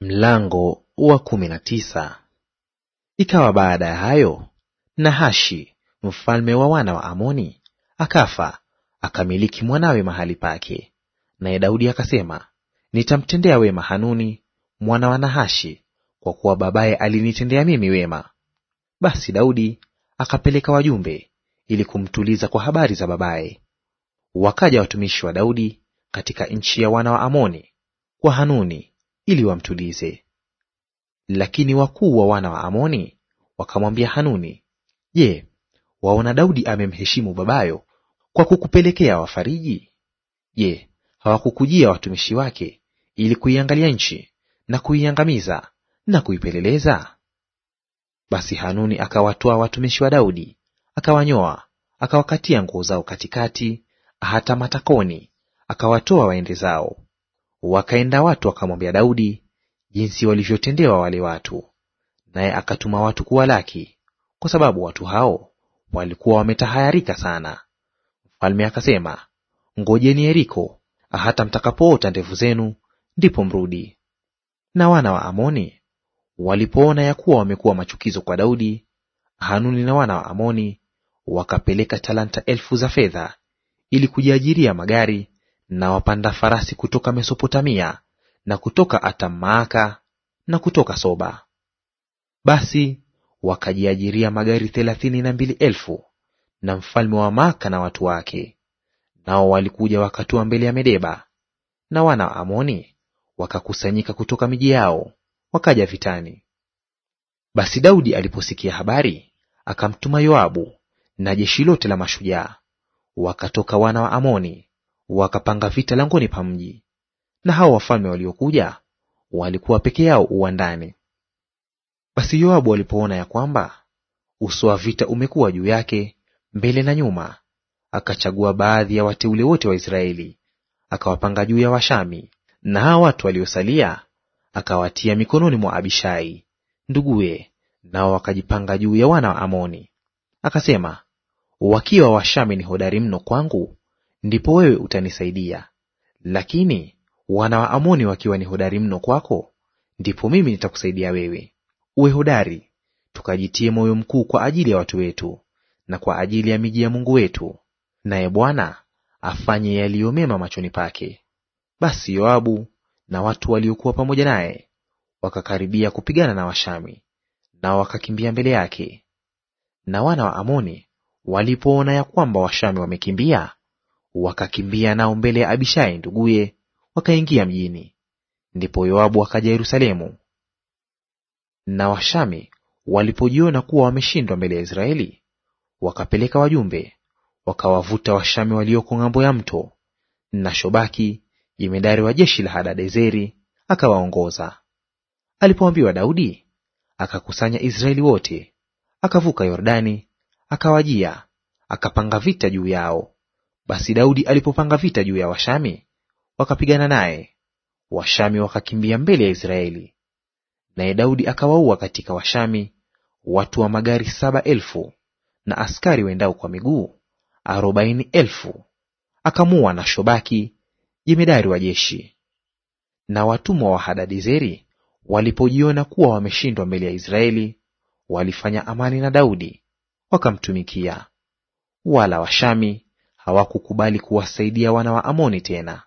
Mlango wa kumi na tisa. Ikawa baada ya hayo, Nahashi mfalme wa wana wa Amoni akafa, akamiliki mwanawe mahali pake. Naye Daudi akasema, nitamtendea wema Hanuni mwana wa Nahashi, kwa kuwa babaye alinitendea mimi wema. Basi Daudi akapeleka wajumbe ili kumtuliza kwa habari za babaye. Wakaja watumishi wa Daudi katika nchi ya wana wa Amoni kwa Hanuni ili wamtulize. Lakini wakuu wa wana wa Amoni wakamwambia Hanuni, Je, waona Daudi amemheshimu babayo kwa kukupelekea wafariji? Je, hawakukujia watumishi wake ili kuiangalia nchi na kuiangamiza na kuipeleleza? Basi Hanuni akawatoa watumishi wa Daudi, akawanyoa, akawakatia nguo zao katikati hata matakoni, akawatoa waende zao. Wakaenda watu wakamwambia Daudi jinsi walivyotendewa wale watu, naye akatuma watu kuwalaki, kwa sababu watu hao walikuwa wametahayarika sana. Mfalme akasema, ngojeni Yeriko hata mtakapoota ndevu zenu, ndipo mrudi. Na wana wa Amoni walipoona ya kuwa wamekuwa machukizo kwa Daudi, Hanuni na wana wa Amoni wakapeleka talanta elfu za fedha ili kujiajiria magari na wapanda farasi kutoka Mesopotamia na kutoka Atammaaka na kutoka Soba. Basi wakajiajiria magari thelathini na mbili elfu na mfalme wa Maaka na watu wake, nao walikuja wakatua mbele ya Medeba, na wana wa Amoni wakakusanyika kutoka miji yao wakaja vitani. Basi Daudi aliposikia habari, akamtuma Yoabu na jeshi lote la mashujaa, wakatoka wana wa Amoni wakapanga vita langoni pa mji, na hao wafalme waliokuja walikuwa peke yao uwandani. Basi Yoabu alipoona ya kwamba uso wa vita umekuwa juu yake mbele na nyuma, akachagua baadhi ya wateule wote wa Israeli akawapanga juu ya Washami, na hawa watu waliosalia akawatia mikononi mwa Abishai nduguye, nao wakajipanga juu ya wana wa Amoni. Akasema, wakiwa Washami ni hodari mno kwangu, ndipo wewe utanisaidia. Lakini wana wa Amoni wakiwa ni hodari mno kwako, ndipo mimi nitakusaidia wewe. Uwe hodari, tukajitie moyo mkuu kwa ajili ya watu wetu na kwa ajili ya miji ya Mungu wetu, naye Bwana afanye yaliyo mema machoni pake. Basi Yoabu na watu waliokuwa pamoja naye wakakaribia kupigana na Washami, nao wakakimbia mbele yake. Na wana wa Amoni walipoona ya kwamba Washami wamekimbia, Wakakimbia nao mbele ya Abishai nduguye, wakaingia mjini. Ndipo Yoabu akaja Yerusalemu. Na Washami walipojiona kuwa wameshindwa mbele ya Israeli, wakapeleka wajumbe wakawavuta Washami walioko ng'ambo ya mto, na Shobaki jemedari wa jeshi la Hadadezeri akawaongoza. Alipoambiwa Daudi, akakusanya Israeli wote, akavuka Yordani, akawajia, akapanga vita juu yao. Basi Daudi alipopanga vita juu ya Washami, wakapigana naye, Washami wakakimbia mbele ya Israeli. Naye Daudi akawaua katika Washami watu wa magari saba elfu na askari wendao kwa miguu arobaini elfu akamuua na Shobaki jemedari wa jeshi. Na watumwa wa hadadizeri walipojiona kuwa wameshindwa mbele ya Israeli, walifanya amani na Daudi wakamtumikia. Wala Washami hawakukubali kuwasaidia wana wa Amoni tena.